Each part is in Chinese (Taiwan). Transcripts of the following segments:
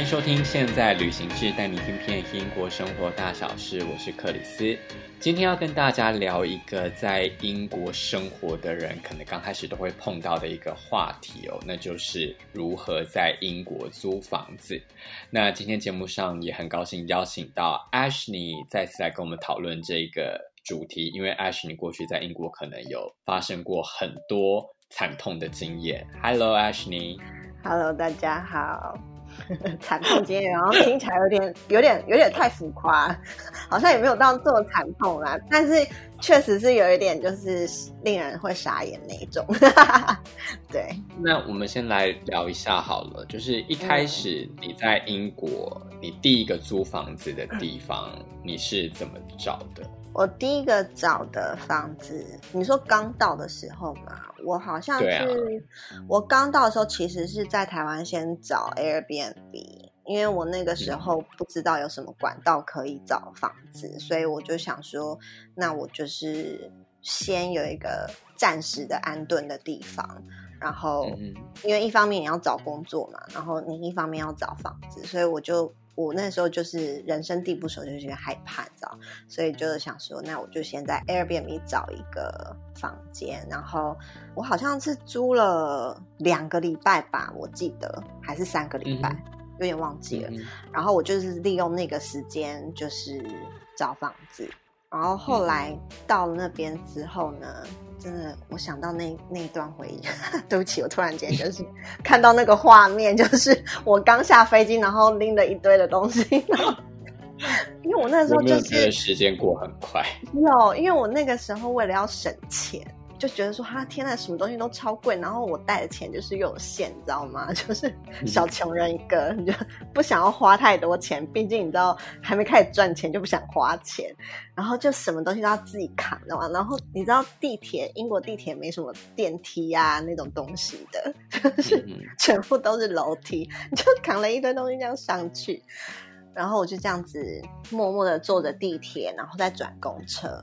歡迎收聽《現在旅行誌》，帶你聽遍英國生活大小事。我是克里斯，今天要跟大家聊一個在英國生活的人可能剛開始都會碰到的一個話題哦，那就是如何在英國租房子。那今天節目上也很高興邀請到 Ashni 再次來跟我們討論這個主題，因為 Ashni 過去在英國可能有發生過很多慘痛的經驗。Hello，Ashni。Hello，大家好。慘 痛經驗哦，然後聽起來有點、有點、有點、有點太浮誇，好像也沒有到這麼慘痛啦。但是確實是有一點，就是令人會傻眼那一種。 對，那我們先來聊一下好了，就是一開始你在英國，嗯、你第一個租房子的地方，嗯、你是怎麼找的？我第一個找的房子，你說剛到的時候嘛，我好像是、啊、我剛到的時候，其實是在台灣先找 Airbnb，因為我那個時候不知道有什麼管道可以找房子，嗯、所以我就想說，那我就是先有一個暫時的安頓的地方，然後、嗯、因為一方面你要找工作嘛，然後你一方面要找房子，所以我就。我那時候就是人生地不熟，就覺得害怕，知道嗎？所以就是想說，那我就先在 Airbnb 找一個房間，然後我好像是租了兩個禮拜吧，我記得還是三個禮拜，嗯、有點忘記了、嗯。然後我就是利用那個時間，就是找房子。然後後來到了那邊之後呢，嗯、真的，我想到那那一段回憶， 對不起，我突然間就是看到那個畫面， 就是我剛下飛機，然後拎了一堆的東西，然後因為我那時候就是覺得時間過很快，有，因為我那個時候為了要省錢。就覺得說哈天吶，什麼東西都超貴，然後我帶的錢就是又有限，你知道嗎？就是小窮人一個，你就不想要花太多錢，畢竟你知道還沒開始賺錢就不想花錢，然後就什麼東西都要自己扛的嘛。然後你知道地鐵，英國地鐵沒什麼電梯呀，啊，那種東西的，就是全部都是樓梯，你就扛了一堆東西這樣上去，然後我就這樣子默默的坐着地鐵，然後再轉公車。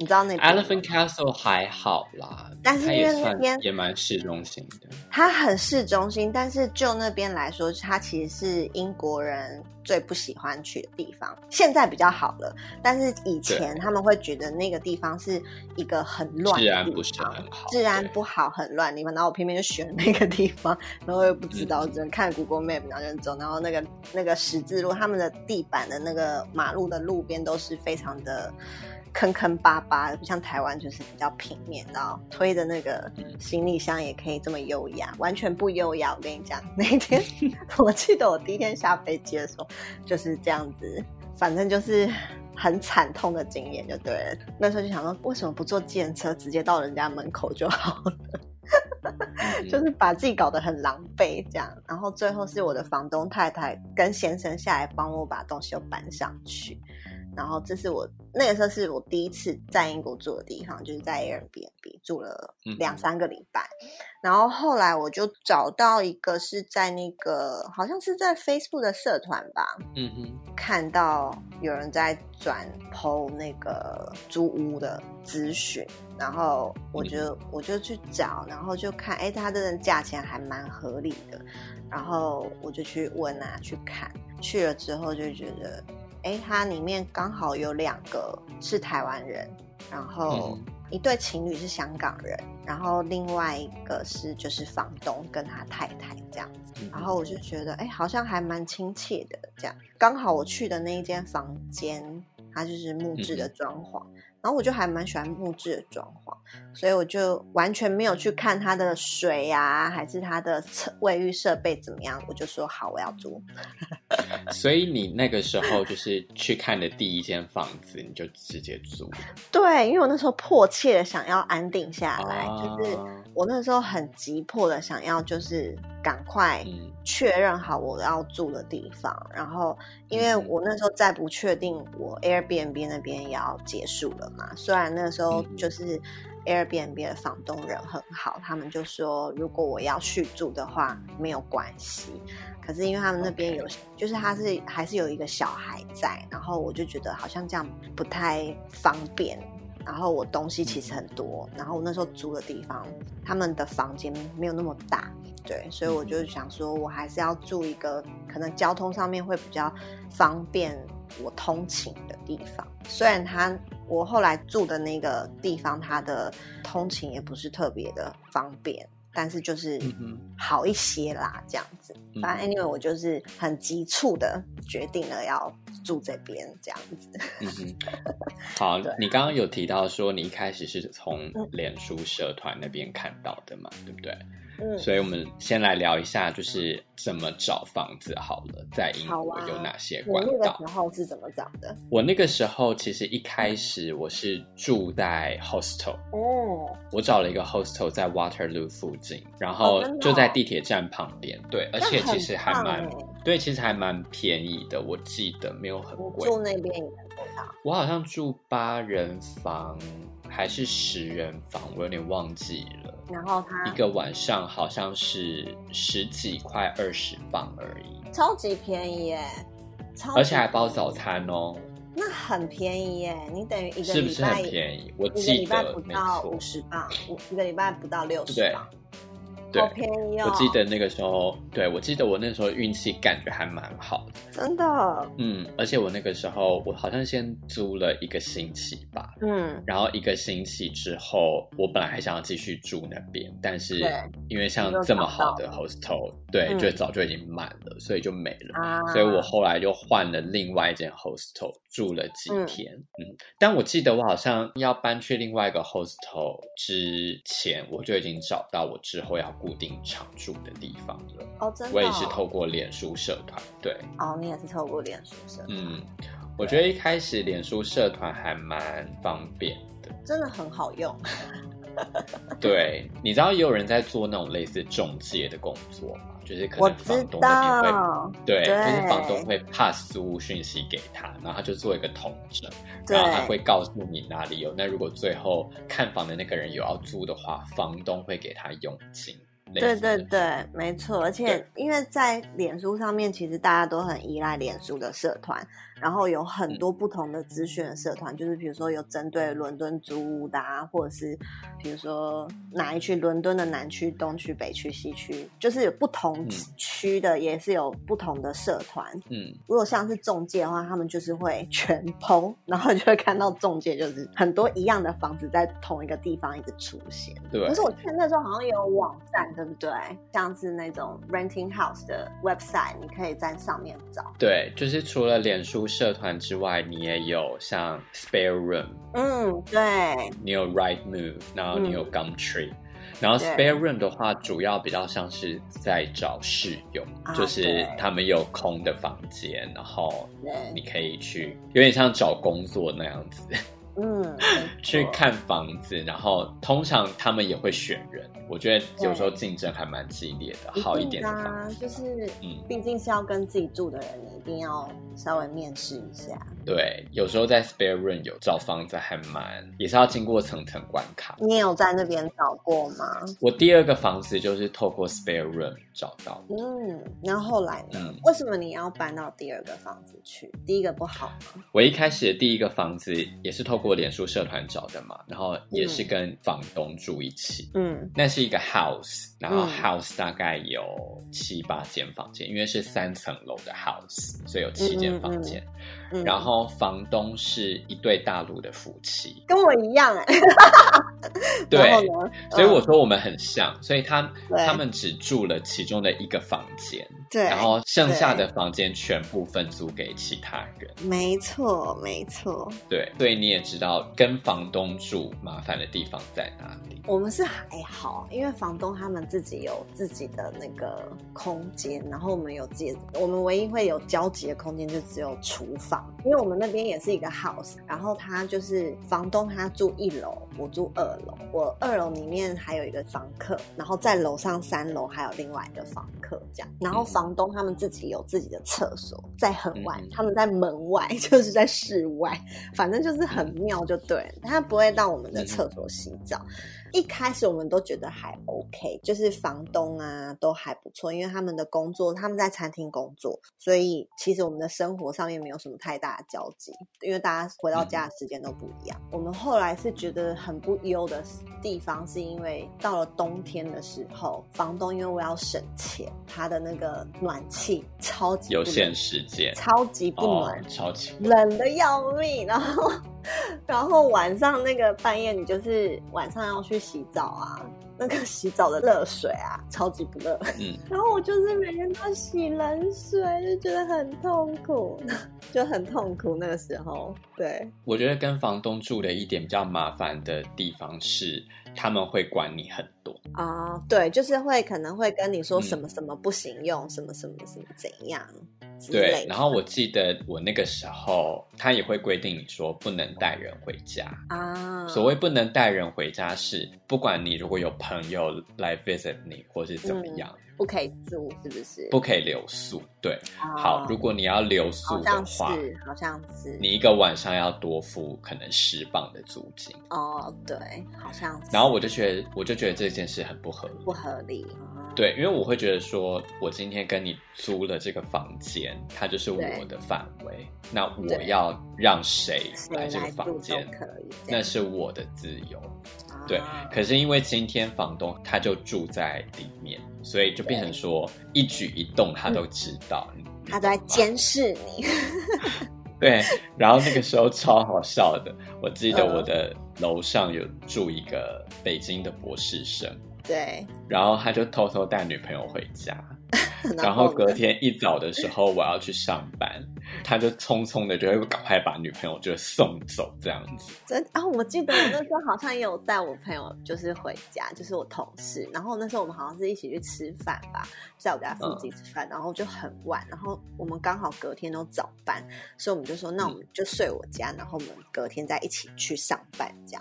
你知道那邊？Elephant Castle 還好啦，但是因為那邊也，也蠻市中心的。它很市中心，但是就那邊來說，它其實是英國人最不喜歡去的地方。現在比較好了，但是以前他們會覺得那個地方是一個很亂的地方，治安不是很好，治安不好、很亂你們，然後我偏偏就選那個地方，然後又不知道，只能看 Google Map 然後就走。然後那個那個十字路，他們的地板的那個馬路的路邊都是非常的。坑坑巴巴不像台灣，就是比較平面，然後推着那個行李箱也可以這麼優雅，完全不優雅。我跟你講，那天我記得我第一天下飛機的時候就是這樣子，反正就是很慘痛的經驗就對了。那時候就想說，為什麼不坐電車直接到人家門口就好了？ 就是把自己搞得很狼狽這樣，然後最後是我的房東太太跟先生下來幫我把東西又搬上去。然後這是我那個時候是我第一次在英國住的地方，就是在 Airbnb 住了兩三個禮拜。嗯、然後後來我就找到一個是在那個好像是在 Facebook 的社團吧，嗯嗯，看到有人在轉 PO 那個租屋的資訊，然後我就、嗯、我就去找，然後就看，哎，他這個價錢還蠻合理的，然後我就去問啊，去看，去了之後就覺得。誒，它裡面剛好有兩個是台灣人，然後一對情侶是香港人，然後另外一個是就是房東跟他太太這樣子，然後我就覺得哎，好像還蠻親切的這樣。剛好我去的那一間房間，它就是木質的裝潢。嗯嗯。然後我就還蠻喜歡木質的裝潢，所以我就完全沒有去看它的水啊，還是它的衛浴設備怎麼樣，我就說好，我要租。 所以你那個時候就是去看的第一間房子，你就直接租？ 對，因為我那時候迫切的想要安定下來，啊，就是我那時候很急迫的想要就是。趕快確認好我要住的地方，然後因為我那時候再不確定，我 Airbnb 那邊也要結束了嘛。雖然那時候就是 Airbnb 的房東人很好，他們就說如果我要續住的話沒有關係，可是因為他們那邊有，okay. 就是他是還是有一個小孩在，然後我就覺得好像這樣不太方便。然後我東西其實很多，然後我那時候租的地方，他們的房間沒有那麼大，對，所以我就想說，我還是要住一個可能交通上面會比較方便我通勤的地方。雖然他，我後來住的那個地方，他的通勤也不是特別的方便。但是就是好一些啦，嗯、這樣子。反正 anyway，我就是很急促的決定了要住這邊，這樣子。嗯、好， 你剛剛有提到說你一開始是從臉書社團那邊看到的嘛，嗯、對不對？嗯、所以，我們先來聊一下，就是怎麼找房子好了。在英國有哪些管道？然後、啊、是怎麼找的？我那個時候其實一開始我是住在 hostel 哦、嗯，我找了一個 hostel 在 Waterloo 附近，然後就在地鐵站旁邊。對，而且其實還蠻、欸、對，其實還蠻便宜的。我記得沒有很貴。住那邊一個月？我好像住八人房還是十人房，我有點忘記了。然後他一個晚上好像是十幾塊二十磅而已，超級便宜耶！超級便宜，而且還包早餐哦，那很便宜耶！你等於一個禮拜是不是很便宜？我記得一個禮拜不到五十磅，一個禮拜不到六十磅。對，我記得那個時候，對，我記得我那時候運氣感覺還蠻好的，真的。嗯，而且我那個時候，我好像先租了一個星期吧。嗯，然後一個星期之後，我本來還想要繼續住那邊，但是因為像這麼好的 hostel，對，就早就已經滿了，嗯，所以就沒了。所以我後來就換了另外一間 hostel 住了幾天，嗯。嗯，但我記得我好像要搬去另外一個 hostel 之前，我就已經找到我之後要搬。固定常住的地方了哦，真的哦，我也是透過臉書社團。對哦，你也是透過臉書社團。嗯，我覺得一開始臉書社團還蠻方便的，真的很好用。 對，你知道也有人在做那種類似中介的工作嘛？就是可能房東那邊會我知道對，對，就是房東會 pass 租訊息給他，然後他就做一個統整，對然後他會告訴你哪裡有。那如果最後看房的那個人有要租的話，房東會給他佣金。對對對，沒錯，而且因為在臉書上面，其實大家都很依賴臉書的社團。然後有很多不同的資訊的社團，嗯、就是比如說有針對倫敦租屋的，啊，或者是比如說哪一區倫敦的南區、東區、北區、西區，就是有不同區的，嗯、也是有不同的社團。嗯，如果像是仲介的話，他們就是會全棚，然後就會看到仲介就是很多一樣的房子在同一個地方一直出現。對，可是我看那時候好像也有網站，對不對？像是那種 renting house 的 website，你可以在上面找。對，就是除了臉書。社團之外，你也有像 spare room，嗯，對，你有 right move，然後你有 Gum Tree、嗯、然後 spare room 的話，主要比較像是在找室友，啊、就是他們有空的房間，然後你可以去，有點像找工作那樣子。嗯，去看房子，Oh. 然後通常他們也會選人，我覺得有時候競爭還蠻激烈的。好一點的房，啊、就是，嗯，畢竟是要跟自己住的人，你一定要稍微面試一下。對，有時候在 spare room 有找房子還蠻，也是要經過層層關卡。你，你有在那邊找過嗎？我第二個房子就是透過 spare room 找到。嗯，那後，後來呢，呢、嗯？為什麼你要搬到第二個房子去？第一個不好嗎？我一開始的第一個房子也是透過。我臉書社團找的嘛，然後也是跟房東住一起。嗯，那是一個 house，然後 house 大概有七八間房間，因為是三層樓的 house，所以有七間房間。嗯嗯嗯嗯，然後房東是一對大陸的夫妻，跟我一樣哎、欸。 對，嗯，所以我說我們很像。所以他他們只住了其中的一個房間，對，然後剩下的房間全部分租給其他人。沒錯，沒錯。對，所以你也知道跟房東住麻煩的地方在哪裡。我們是還好，因為房東他們自己有自己的那個空間，然後我們有自己，我們唯一會有交集的空間就只有廚房。因為我們那邊也是一個 house，然後他就是房東，他住一樓，我住二樓。我二樓裡面還有一個房客，然後在樓上三樓還有另外一個房客，這樣。然後房東他們自己有自己的廁所，在很外，他們在門外，就是在室外，反正就是很妙，就對了，他不會到我們的廁所洗澡。一開始我們都覺得還 OK，就是房東啊都還不錯，因為他們的工作，他們在餐廳工作，所以其實我們的生活上面沒有什麼太大的交集，因為大家回到家的時間都不一樣。嗯。我們後來是覺得很不優的地方，是因為到了冬天的時候，房東因為我要省錢，他的那個暖氣超級有限時間，超級不暖，哦，超級冷的要命，然後。 然後晚上那個半夜，你就是晚上要去洗澡啊，那個洗澡的熱水啊，超級不熱。嗯， 然後我就是每天都洗冷水，就覺得很痛苦，就很痛苦。那個時候，對，我覺得跟房東住的一點比較麻煩的地方是。他們會管你很多啊，oh, 對，就是會可能會跟你說什麼什麼不行用，嗯、什麼什麼什麼怎樣之類。對，然後我記得我那個時候，他也會規定你說不能帶人回家啊。Oh. 所謂不能帶人回家是，是不管你如果有朋友來 visit 你或是怎麼樣。嗯不可以住，是不是？不可以留宿，對、哦。好，如果你要留宿的話，好像是，好像是。你一個晚上要多付可能十磅的租金。哦，對，好像是。然後我就覺得，我就覺得這件事很不合理。不合理。對，因為我會覺得說，我今天跟你租了這個房間，它就是我的範圍，那我要讓誰來這個房間，可以？那是我的自由。對，可是因為今天房東他就住在裡面，所以就變成說一舉一動他都知道，嗯，他都在監視你。 對，然後那個時候超好笑的，我記得我的樓上有住一個北京的博士生，對，然後他就偷偷帶女朋友回家。 然，後然後隔天一早的時候，我要去上班， 他就匆匆的就會趕快把女朋友就送走這樣子。真啊，我記得我那時候好像也有帶我朋友，就是回家， 就是我同事。然後那時候我們好像是一起去吃飯吧，在我家附近吃飯，嗯，然後就很晚。然後我們剛好隔天都早班，所以我們就說，那我們就睡我家，嗯、然後我們隔天再一起去上班這樣。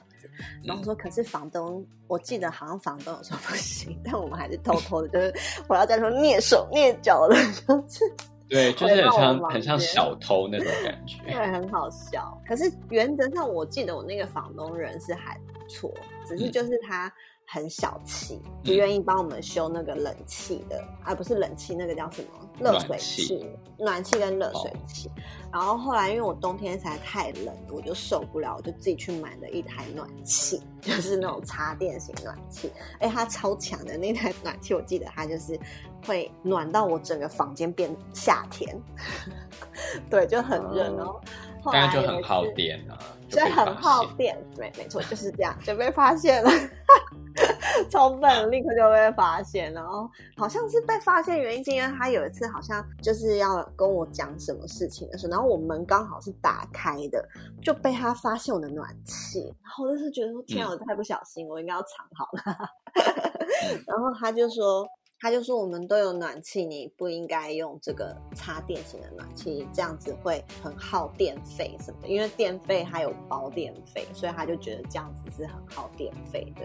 然後說，可是房東，我記得好像房東有時候不行，但我們還是偷偷的、就是捏捏，就是我要再說躡手躡腳的，對，就是很像很像小偷那種感覺，對，很好笑。可是原則上，我記得我那個房東人是還不錯，只是就是他。嗯很小氣，不願意幫我們修那個冷氣的、嗯，啊，不是冷氣，那個叫什麼？熱水器、暖氣跟熱水器、哦。然後後來因為我冬天實在太冷，我就受不了，我就自己去買了一台暖氣，就是那種插電型暖氣。哎、嗯欸，它超強的那台暖氣，我記得它就是會暖到我整個房間變夏天， 對，就很熱、哦。哦。後來，但就很耗電啊。所以很耗電，對，沒錯，就是這樣。就被發現了，超 笨，立刻就被發現，然後好像是被發現原因，是因為他有一次好像就是要跟我講什麼事情的時候，然後我門剛好是打開的，就被他發現我的暖氣。然後我就是覺得說，天啊，我太不小心，我應該要藏好了。然後他就說。他就說，我們都有暖氣，你不應該用這個插電型的暖氣，這樣子會很耗電費什麼的，因為電費還有包電費，所以他就覺得這樣子是很耗電費的。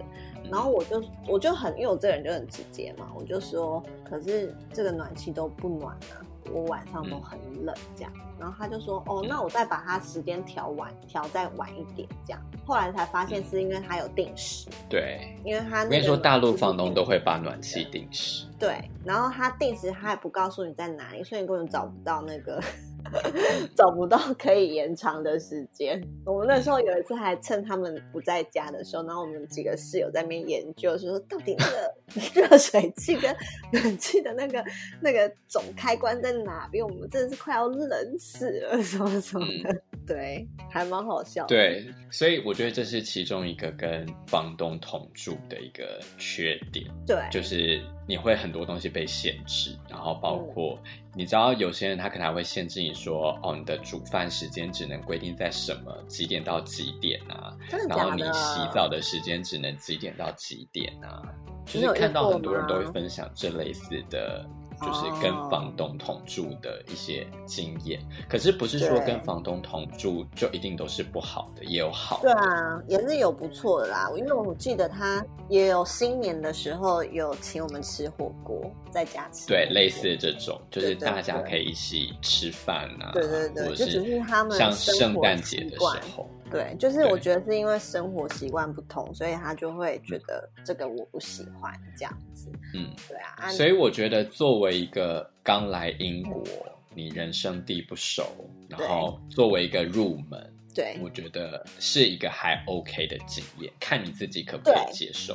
然後我就我就很因為我這個人就很直接嘛，我就說，可是這個暖氣都不暖啊。我晚上都很冷。這樣、嗯，然後他就說，哦，那我再把他時間調晚、嗯，調再晚一點，這樣，後來才發現是因為他有定時，對，因為他，我跟你說，大陸房東都會把暖氣定時，對，然後他定時他也不告訴你在哪裡，所以你根本找不到那個。 找不到可以延長的時間。我們那時候有一次還趁他們不在家的時候，然後我們幾個室友在那邊研究，說到底那個熱水器跟暖氣的那個 那個總開關在哪邊？我們真的是快要冷死了，什麼什麼的。嗯、對，還蠻好笑的。對，所以我覺得這是其中一個跟房東同住的一個缺點。對，就是。你會很多東西被限制，然後包括你知道有些人他可能還會限制你說，說哦你的煮飯時間只能規定在什麼幾點到幾點啊，真的假的？然後你洗澡的時間只能幾點到幾點啊，就是看到很多人都會分享這類似的。就是跟房東同住的一些經驗、哦，可是不是說跟房東同住就一定都是不好的，也有好的。對啊，也是有不錯的啦，因為我記得他也有新年的時候有請我們吃火鍋，在家吃。對，類似這種，就是大家可以一起吃飯啊，對對對，對，或者是他們像聖誕節的時候。對對對對對，就是我覺得是因為生活習慣不同，所以他就會覺得這個我不喜歡這樣子。嗯，對啊，啊。所以我覺得作為一個剛來英國，嗯、你人生地不熟，然後作為一個入門，對，我覺得是一個還 OK 的經驗，看你自己可不可以接受。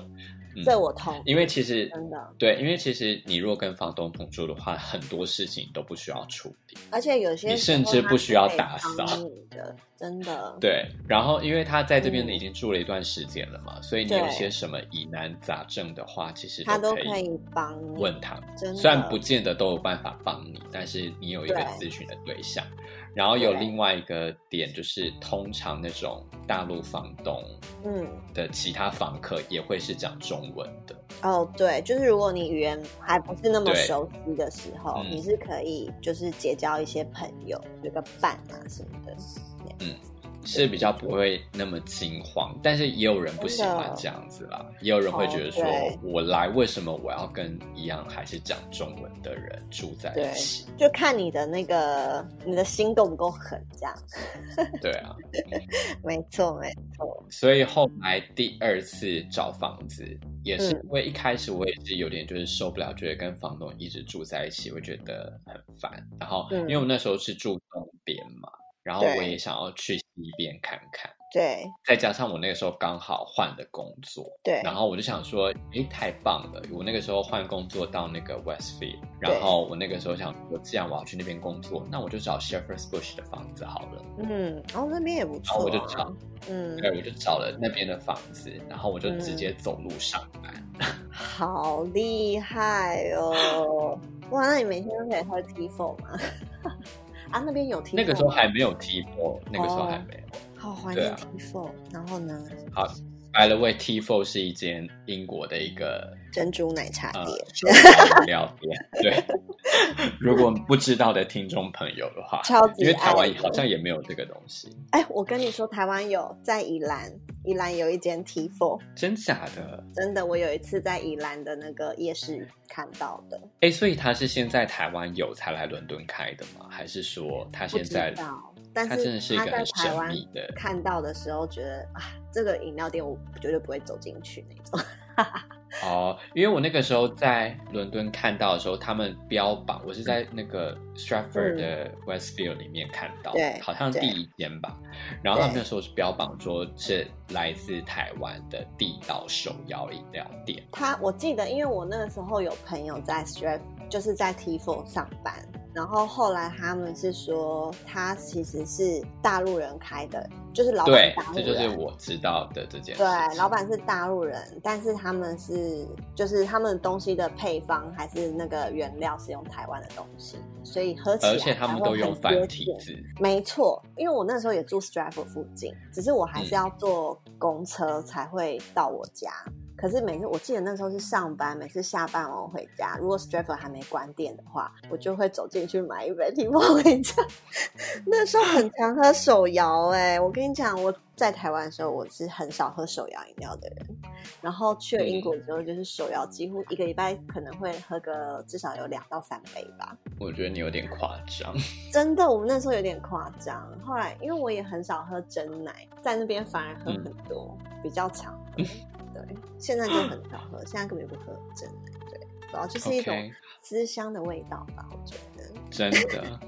嗯、這我同意，因為其實真的對，因為其實你如果跟房東同住的話，很多事情都不需要處理，而且有些你甚至不需要打掃。真的，對，然後因為他在這邊呢已經住了一段時間了嘛，嗯，所以你有些什麼疑難雜症的話，其實他，他都可以幫問他。雖然不見得都有辦法幫你，但是你有一個諮詢的對象。對，然後有另外一個點就是，通常那種大陸房東，嗯，的其他房客也會是講中文的。哦、oh，對，就是如果你語言還不是那麼熟悉的時候、嗯，你是可以就是結交一些朋友，有個伴啊什麼的，yeah. 嗯是比較不會那麼驚慌，但是也有人不喜歡這樣子啦，也有人會覺得說，我來為什麼我要跟一樣還是講中文的人住在一起？對，就看你的那個你的心夠不夠狠，這樣。 對啊， 沒錯，沒錯，所以後來第二次找房子、嗯、也是因為一開始我也是有點就是受不了、嗯，覺得跟房東一直住在一起我覺得很煩，然後、嗯、因為我們那時候是住東邊嘛。然後我也想要去西邊看看，對。再加上我那個時候剛好換的工作，對。然後我就想說，哎，太棒了！我那個時候換工作到那個 Westfield，然後我那個時候想說，我既然我要去那邊工作，那我就找 Shepherd's Bush 的房子好了。嗯，然、哦、後那邊也不錯、啊。然後我就找，嗯，對，我就找了那邊的房子、嗯，然後我就直接走路上班。嗯、好厲害哦！ 哇，那你每天都可以喝 tea for 嗎？啊，那邊有 T four？那個時候還沒有 T four，哦，那個時候還沒有，好懷念 T four。然後呢？好，by the way，T four 是一間英國的一個珍珠奶茶店、飲、呃、料店。 對。 如果不知道的聽眾朋友的話，超因為台灣好像也沒有這個東西。哎，我跟你說，台灣有在宜蘭，宜蘭有一間 T Four，真假的？真的，我有一次在宜蘭的那個夜市看到的。哎，所以他是現在台灣有才來倫敦開的嗎？還是說他現在？不知道，但是他真的是一個很神秘的在台灣的看到的時候，覺得啊，這個飲料店我絕對不會走進去那種。 哦、 uh，因為我那個時候在倫敦看到的時候，他們標榜我是在那個 Stratford 的 Westfield 裡面看到，對、嗯，好像第一間吧。然後他們那時候是標榜說是來自台灣的地道手搖飲料店。他我記得，因為我那個時候有朋友在 Strat，就是在 T4 上班。然後後來他們是說，他其實是大陸人開的，就是老板大陸人。對，這就是我知道的這件事。對，老板是大陸人，但是他們是就是他們東西的配方還是那個原料是用台灣的東西，所以喝起來才會很接近。而且他們都用繁體字。沒錯，因為我那時候也住 Strive 附近，只是我還是要坐公車才會到我家。嗯可是每次我記得那時候是上班，每次下班我回家，如果 s t r e f f e r 還沒關店的話，我就會走進去買一杯提莫回家。 那時候很常喝手搖哎、欸，我跟你講，我在台灣的時候我是很少喝手搖飲料的人，然後去了英國之後就是手搖，幾乎一個禮拜可能會喝個至少有兩到三杯吧。我覺得你有點誇張，真的，我們那時候有點誇張。後來因為我也很少喝珍奶，在那邊反而喝很多，嗯、比較常喝。嗯現在就很少喝， 現在根本不喝，真的。對，然後就是一種思鄉的味道吧，我覺得。Okay. 真的。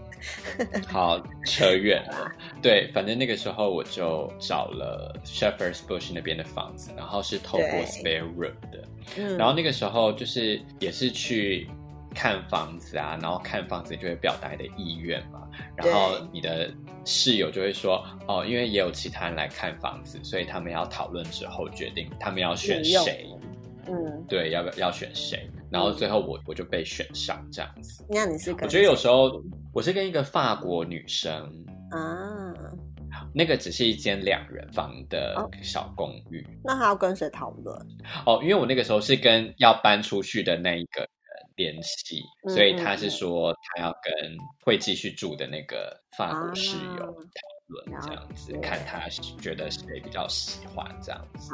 好，扯遠了。 對，反正那個時候我就找了 Shepherd's Bush 那邊的房子，然後是透過 Spare Room 的。嗯。然後那個時候就是也是去。看房子啊，然後看房子就會表達你的意願嘛。然後你的室友就會說，哦，因為也有其他人來看房子，所以他們要討論之後決定他們要選誰。嗯，對，要不要要選誰？然後最後我、嗯、我就被選上這樣子。那你是？我覺得有時候我是跟一個法國女生啊，那個只是一間兩人房的小公寓。哦、那還要跟誰討論？哦，因為我那個時候是跟要搬出去的那一個聯繫，所以他是說他要跟會繼續住的那個法國室友討論、嗯、這樣子，看他覺得誰比較喜歡這樣子。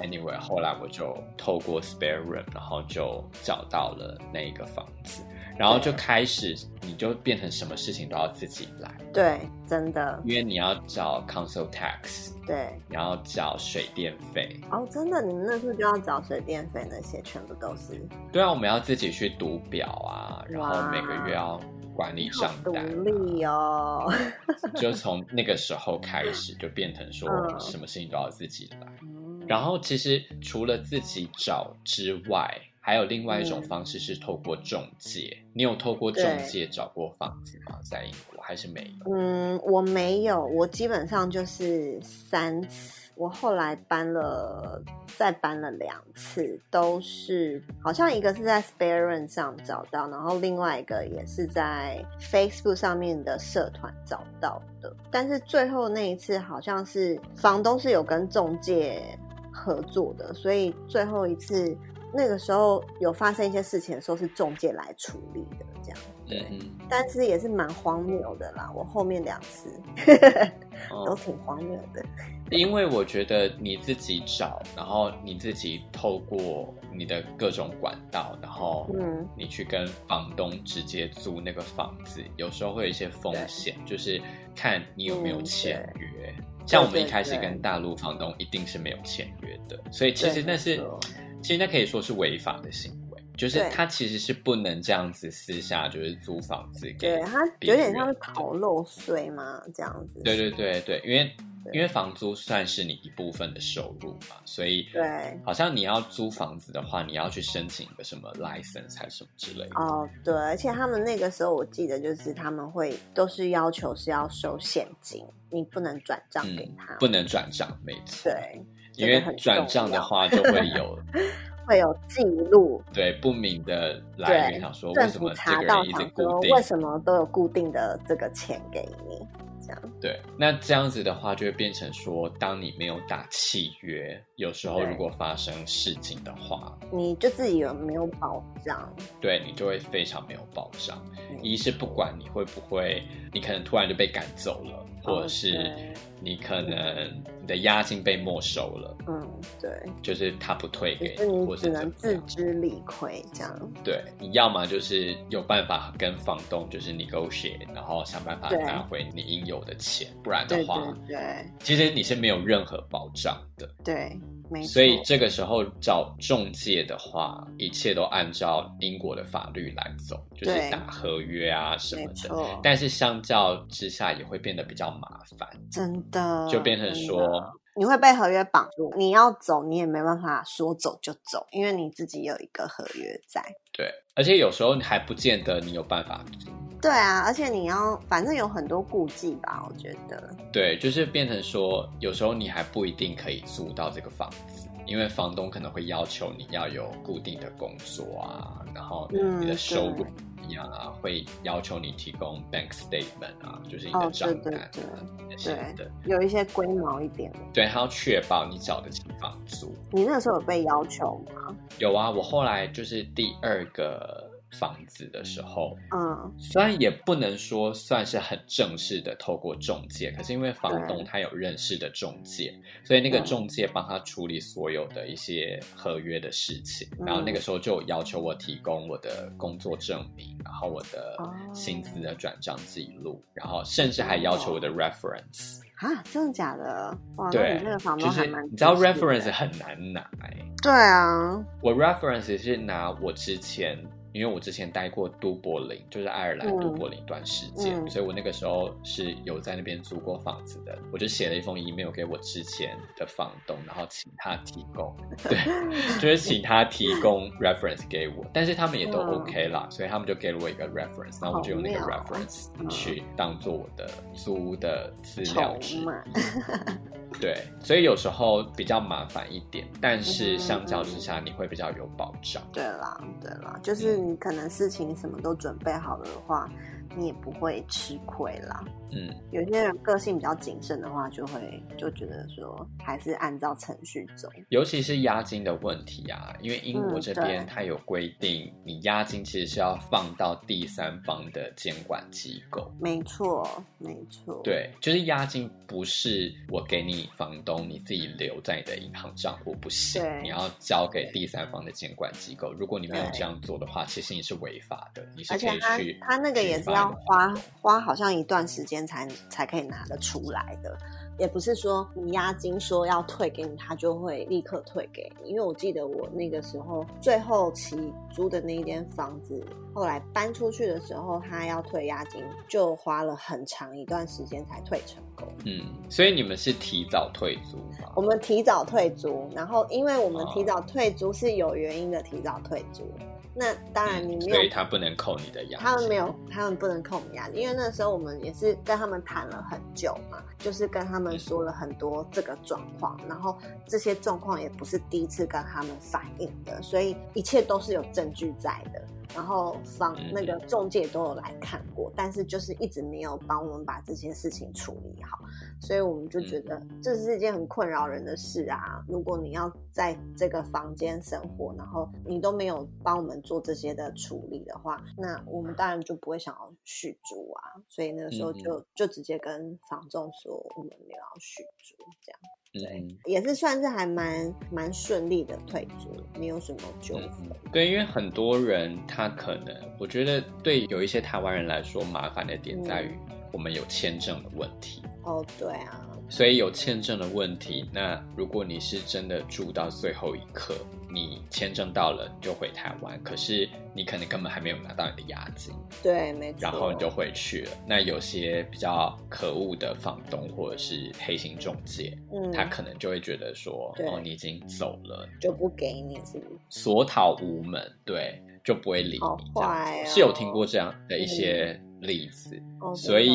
Anyway，後來我就透過 spare room，然後就找到了那一個房子。然後就開始，你就變成什麼事情都要自己來。對，真的。因為你要找 Council Tax，對，你要繳水電費。哦，真的，你們那時候就要繳水電費，那些全部都是。對啊，我們要自己去讀表啊，然後每個月要管理賬單、啊。好獨立哦。 就從那個時候開始，就變成說我們什麼事情都要自己來。嗯、然後，其實除了自己找之外，還有另外一種方式是透過中介，嗯，你有透過中介找過房子嗎？在英國還是沒有？嗯，我沒有，我基本上就是三次，我後來搬了，再搬了兩次，都是好像一個是在 SpareRoom 上找到，然後另外一個也是在 Facebook 上面的社團找到的，但是最後那一次好像是房東是有跟中介合作的，所以最後一次。那個時候有發生一些事情的時候，是中介來處理的，這樣。對、嗯。但是也是蠻荒謬的啦，我後面兩次、嗯、 都挺荒謬的、嗯。因為我覺得你自己找，然後你自己透過你的各種管道，然後你去跟房東直接租那個房子，嗯、有時候會有一些風險，就是看你有沒有簽約、嗯。像我們一開始跟大陸房東，一定是沒有簽約的，對對對，所以其實那是。其實他可以說是違法的行為，就是他其實是不能這樣子私下就是租房子給他，對，他有點像是逃漏稅嘛這樣子。對對對對，因為因為房租算是你一部分的收入嘛，所以對，好像你要租房子的話，你要去申請一個什麼 license 還是什麼之類的。哦，對，而且他們那個時候我記得就是他們會都是要求是要收現金，你不能轉賬給他、嗯，不能轉賬沒錯。對。因為轉賬的話就會有 會有記錄，對不明的來源，想說為什麼這個人一直固定，為什麼都有固定的這個錢給你這樣？對，那這樣子的話就會變成說，當你沒有打契約，有時候如果發生事情的話，你就自己有沒有保障，對你就會非常沒有保障。一、嗯、是不管你會不會，你可能突然就被趕走了，或者是。哦你可能，你的押金被沒收了，嗯，對，就是他不退給你，你只能自知理虧這樣。對，你要麼就是有辦法跟房東就是 negotiate，然後想辦法拿回你應有的錢，不然的話對對，對，其實你是沒有任何保障的，對，沒錯。所以這個時候找中介的話，一切都按照英國的法律來走，就是打合約啊什麼的，但是相較之下也會變得比較麻煩，真的。就變成說、嗯啊，你會被合約綁住，你要走你也沒辦法說走就走，因為你自己有一個合約在。對，而且有時候你還不見得你有辦法。對啊，而且你要反正有很多顧忌吧，我覺得。對，就是變成說，有時候你還不一定可以租到這個房子，因為房東可能會要求你要有固定的工作啊，然後你的收入。嗯一樣啊，會要求你提供 bank statement 啊，就是你的賬單啊，哦，對對對，這些的。對，有一些龜毛一點的。對，他要確保你找得起房租。你那時候有被要求嗎？有啊，我後來就是第二個。房子的時候，嗯，雖然也不能說算是很正式的透過仲介，可是因為房東他有認識的仲介，所以那個仲介幫他處理所有的一些合約的事情、嗯。然後那個時候就要求我提供我的工作證明，嗯、然後我的薪資的轉賬記、記錄，然後甚至還要求我的 reference。嗯、哦、啊，真的假的？哇，對，那你這個房東還蠻……就是、你知道 reference 很難拿、欸。對啊，我 reference 是拿我之前。因為我之前待過都柏林，就是愛爾蘭都柏林一段時間、嗯嗯，所以我那個時候是有在那邊租過房子的。我就寫了一封 email 給我之前的房東，然後請他提供，對， 就是請他提供 reference 給我。但是他們也都 OK 啦，嗯、所以他們就給了我一個 reference，然後我就用那個 reference 去當做我的租的資料 對，所以有時候比較麻煩一點，但是相較之下，你會比較有保障。Okay. 對啦，對啦，就是你可能事情什麼都準備好了的話，你也不會吃虧啦。嗯，有些人個性比較謹慎的話，就會就覺得說還是按照程序走。尤其是押金的問題啊，因為英國這邊他、嗯、有規定，你押金其實是要放到第三方的監管機構。沒錯，沒錯。對，就是押金不是我給你房東，你自己留在你的銀行賬戶不行，你要交給第三方的監管機構。如果你沒有這樣做的話，其實你是違法的，你是可以去他。他那個也是要花花，好像一段時間。才才可以拿得出來的，也不是說你押金說要退給你，他就會立刻退給你。因為我記得我那個時候最後期租的那一間房子，後來搬出去的時候，他要退押金，就花了很長一段時間才退成功。嗯，所以你們是提早退租嗎？我們提早退租，然後因為我們提早退租、哦、是有原因的，提早退租。那當然，你沒有，嗯，所以，他不能扣你的押金。他們沒有，他們不能扣我們押金，因為那時候我們也是跟他們談了很久嘛，就是跟他們說了很多這個狀況，然後這些狀況也不是第一次跟他們反映的，所以一切都是有證據在的。然後房那個中介都有來看過。嗯嗯，但是就是一直沒有幫我們把這些事情處理好，所以我們就覺得這是一件很困擾人的事啊。如果你要在這個房間生活，然後你都沒有幫我們做這些的處理的話，那我們當然就不會想要續租啊。所以那個時候就，嗯嗯嗯，就直接跟房仲說，我們沒有要續租這樣。也是算是還蠻蠻順利的退租，沒有什麼糾紛。嗯，對，因為很多人他可能，我覺得對有一些台灣人來說，麻煩的點在於我們有簽證的問題。哦，嗯，oh, 對啊。所以有簽證的問題，那如果你是真的住到最後一刻。你簽證到了你就回台灣，可是你可能根本還沒有拿到你的押金，對，沒錯，然後你就回去了。那有些比較可惡的房東或者是黑心中介，嗯、他可能就會覺得說，哦，你已經走了，就不給你，索討無門，對，就不會理你，對、哦。是有聽過這樣的一些、嗯。例子，oh, 所以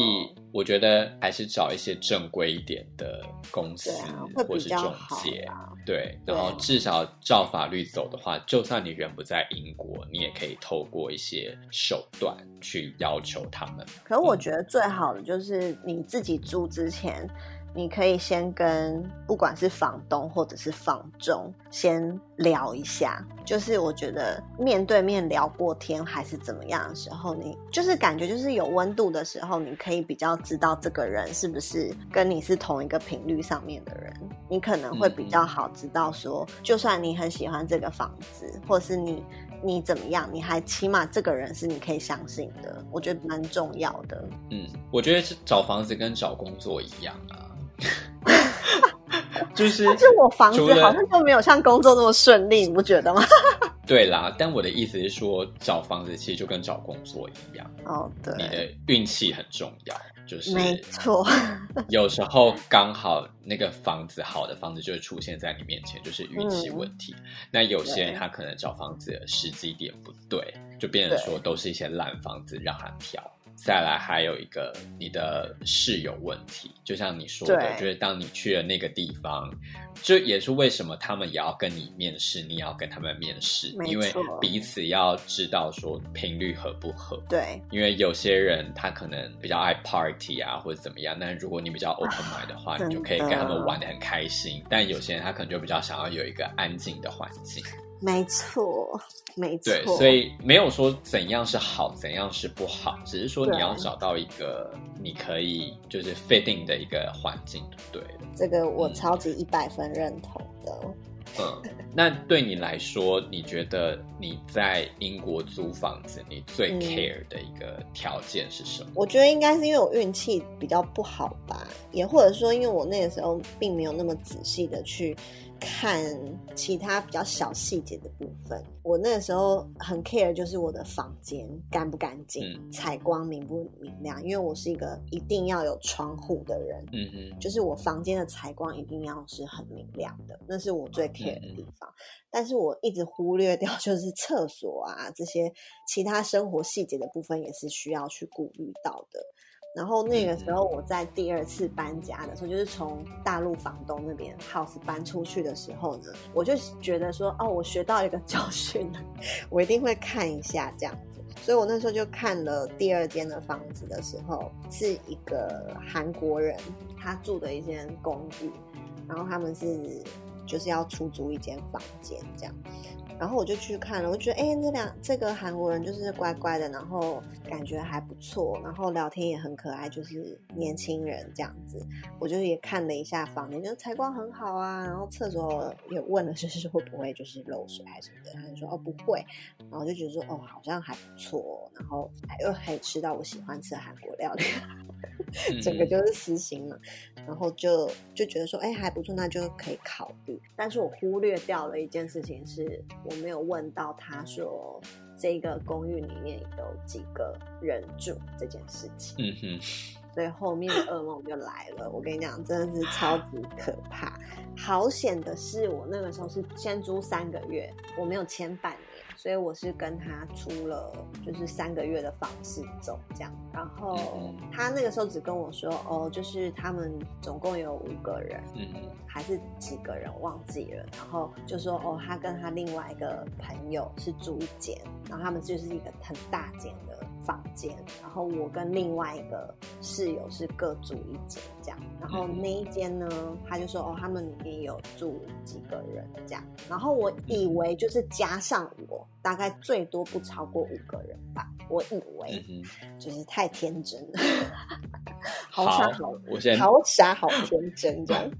我覺得還是找一些正規一點的公司，啊，或是中介，對，對，然後至少照法律走的話，就算你人不在英國，你也可以透過一些手段去要求他們。嗯、可我覺得最好的就是你自己租之前。你可以先跟不管是房東或者是房仲先聊一下，就是我覺得面對面聊過天還是怎麼樣的時候你，你就是感覺就是有溫度的時候，你可以比較知道這個人是不是跟你是同一個頻率上面的人，你可能會比較好知道說，就算你很喜歡這個房子，或是你你怎麼樣，你還起碼這個人是你可以相信的，我覺得蠻重要的。嗯，我覺得是找房子跟找工作一樣啊。 就是，就我房子好像就沒有像工作那麼順利， 你不覺得嗎？對啦，但我的意思是說，找房子其實就跟找工作一樣。哦、oh，對，你的運氣很重要。就是沒錯，有時候剛好那個房子好的房子就會出現在你面前，就是運氣問題、嗯。那有些人他可能找房子的時機點不對，就變成說都是一些爛房子讓他挑。再來還有一個你的室友問題，就像你說的，就是當你去了那個地方，這也是為什麼他們也要跟你面試，你也要跟他們面試，因為彼此要知道說頻率合不合。對，因為有些人他可能比較愛 party 啊，或者怎麼樣，但如果你比較 open mind 的話，啊、你就可以跟他們玩得很開心。但有些人他可能就比較想要有一個安靜的環境。沒錯，沒錯。對，所以沒有說怎樣是好，怎樣是不好，只是說你要找到一個你可以就是 fitting 的一個環境，對不對？這個我超級一百分認同的嗯。嗯，那對你來說，你覺得你在英國租房子，你最 care 的一個條件是什麼？嗯。我覺得應該是因為我運氣比較不好吧，也或者說因為我那個時候並沒有那麼仔細的去看其他比較小細節的部分，我那個時候很 care 就是我的房間乾不乾淨，嗯、採光明不明亮，因為我是一個一定要有窗戶的人，嗯哼、嗯，就是我房間的採光一定要是很明亮的，那是我最 care 的地方。嗯嗯。但是我一直忽略掉，就是廁所啊這些其他生活細節的部分也是需要去顧慮到的。然後那個時候我在第二次搬家的時候，就是從大陸房東那邊 house 搬出去的時候呢，我就覺得說，哦，我學到一個教訓了，我一定會看一下這樣子。所以我那時候就看了第二間的房子的時候，是一個韓國人他住的一間公寓，然後他們是就是要出租一間房間這樣。然後我就去看了，我覺得，哎、欸，這兩這個韓國人就是乖乖的，然後感覺還不錯，然後聊天也很可愛，就是年輕人這樣子。我就也看了一下房間，你就採光很好啊，然後廁所也問了，就是會不會就是漏水還、啊、是什麼的，他就說哦不會，然後我就覺得說哦好像還不錯，然後還又可以吃到我喜歡吃的韓國料理，整個就是私心嘛，然後就就覺得說哎、欸、還不錯，那就可以考慮。但是我忽略掉了一件事情是。我沒有問到他說這個公寓裡面有幾個人住這件事情，嗯哼。所以後面的噩夢就來了。我跟你講，真的是超級可怕。好險的是，我那個時候是先租三個月，我沒有簽半年。所以我是跟他出了，就是三個月的方式走這樣，然後他那個時候只跟我說，哦，就是他們總共有五個人，嗯，還是幾個人忘記了，然後就說，哦，他跟他另外一個朋友是住一間，然後他們就是一個很大間的。房間，然後我跟另外一個室友，是各住一間這樣，然後那一間呢，他就說，哦，他們裡面有住幾個人這樣，然後我以為就是加上我，大概最多不超過五個人吧，我以為，就是太天真了，好傻好好，我現在好傻，好天真，這樣。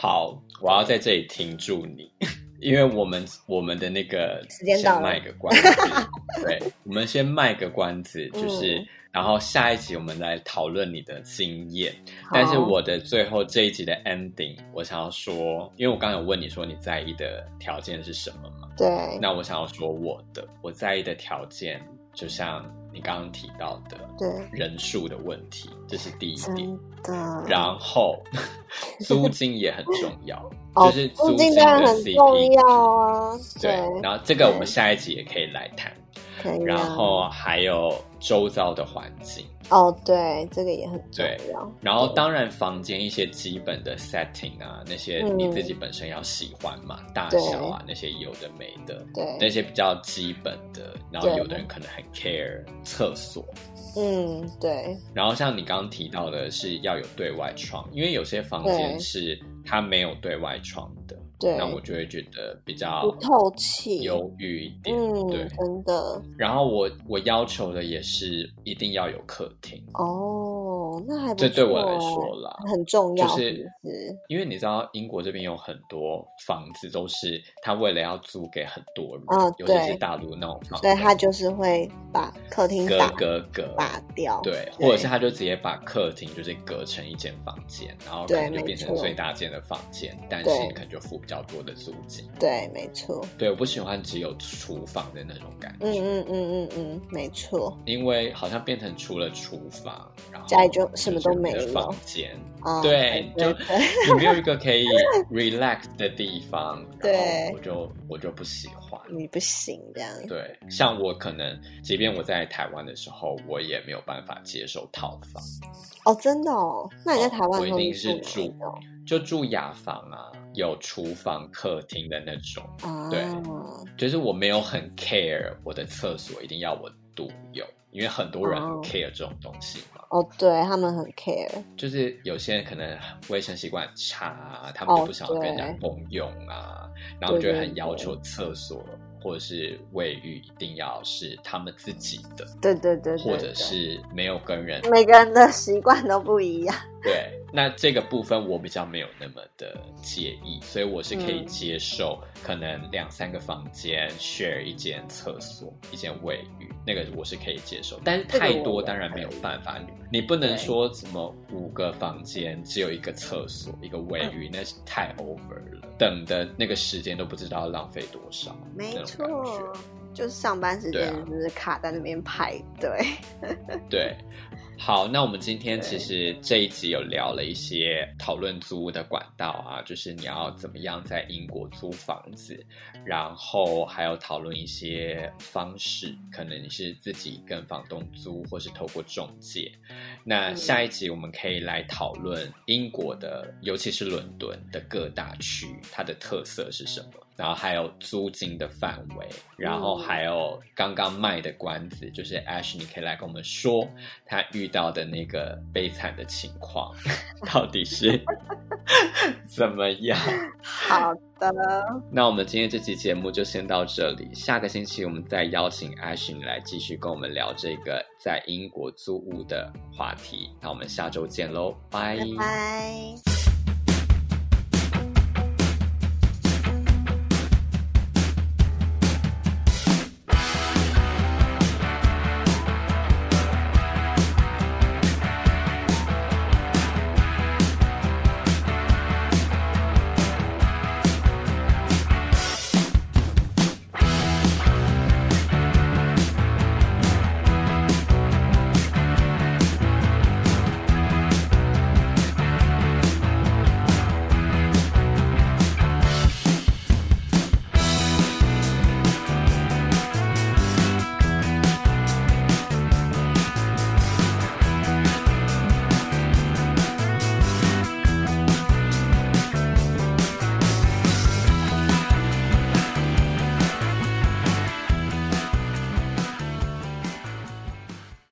好，我要在這裡停住你。因為我們我們的那個時間到了，先賣個關子。 對，我們先賣個關子，就是、嗯、然後下一集我們來討論你的經驗、嗯。但是我的最後這一集的 ending，我想要說，因為我剛剛有問你說你在意的條件是什麼嘛？對，那我想要說我的我在意的條件，就像。你剛剛提到的對人數的問題，這是第一點。然後 租金也很重要， 就是租金很重要啊。對，然後這個我們下一集也可以來談。然後還有周遭的環境哦，oh, 對，這個也很重要，對。然後當然房間一些基本的 setting 啊、嗯，那些你自己本身要喜歡嘛，大小啊那些有的沒的，對，那些比較基本的。然後有的人可能很 care 廁所，嗯，對。然後像你剛剛提到的是要有對外窗，因為有些房間是它沒有對外窗的。對，那我就會覺得比較不透氣，猶豫一點。嗯，對，真的。然後我我要求的也是一定要有客廳。哦，那還不錯，這對我來說啦，很重要。就是因為你知道，英國這邊有很多房子都是他為了要租給很多人，哦、對，尤其是大陸那種房子，所以他就是會。把客廳隔隔隔打掉對，對，或者是他就直接把客廳就是隔成一間房間，然後可能就變成最大間的房間，但是可能就付比較多的租金對。對，沒錯。對，我不喜歡只有廚房的那種感覺。嗯嗯嗯嗯嗯，沒錯。因為好像變成除了廚房，然後家裡就、就是、什麼都沒了。房間，對，就你沒有一個可以 relax 的地方，對，我就我就不喜歡。你不行這樣子，對，像我可能，即便我在台灣的時候，我也沒有辦法接受套房。哦，真的哦，那你在台灣、哦、我一定是住，哦、就住雅房啊，有廚房、客廳的那種、啊。對，就是我沒有很 care 我的廁所一定要我獨有，因為很多人很 care、哦、這種東西嘛。哦、oh，對，他們很 care，就是有些人可能衛生習慣很差，他們就不想要跟人共用啊，oh，然後就覺得很要求廁所或者是衛浴一定要是他們自己的，對對對，或者是沒有跟人，每個人的習慣都不一樣。 對，那這個部分我比較沒有那麼的介意，所以我是可以接受，可能兩三個房間 share 一間廁所、嗯、一間衛浴，那個我是可以接受。但是太多當然沒有辦法，你不能說什麼五個房間只有一個廁所、嗯、一個衛浴、嗯，那是太 over 了，等的那個時間都不知道浪費多少。沒錯，就是上班時間、啊、就是卡在那邊排隊， 對。好，那我們今天其實這一集有聊了一些討論租屋的管道啊，就是你要怎麼樣在英國租房子，然後還有討論一些方式，可能你是自己跟房東租，或是透過中介。那下一集我們可以來討論英國的，尤其是倫敦的各大區，它的特色是什麼？然後還有租金的範圍，然後還有剛剛賣的關子、嗯，就是 Ashni，你可以來跟我們說他、嗯、遇到的那個悲慘的情況 到底是 怎麼樣？好的，那我們今天這期節目就先到這裡，下個星期我們再邀請 Ashni 來繼續跟我們聊這個在英國租屋的話題。那我們下周見嘍，拜拜。拜拜。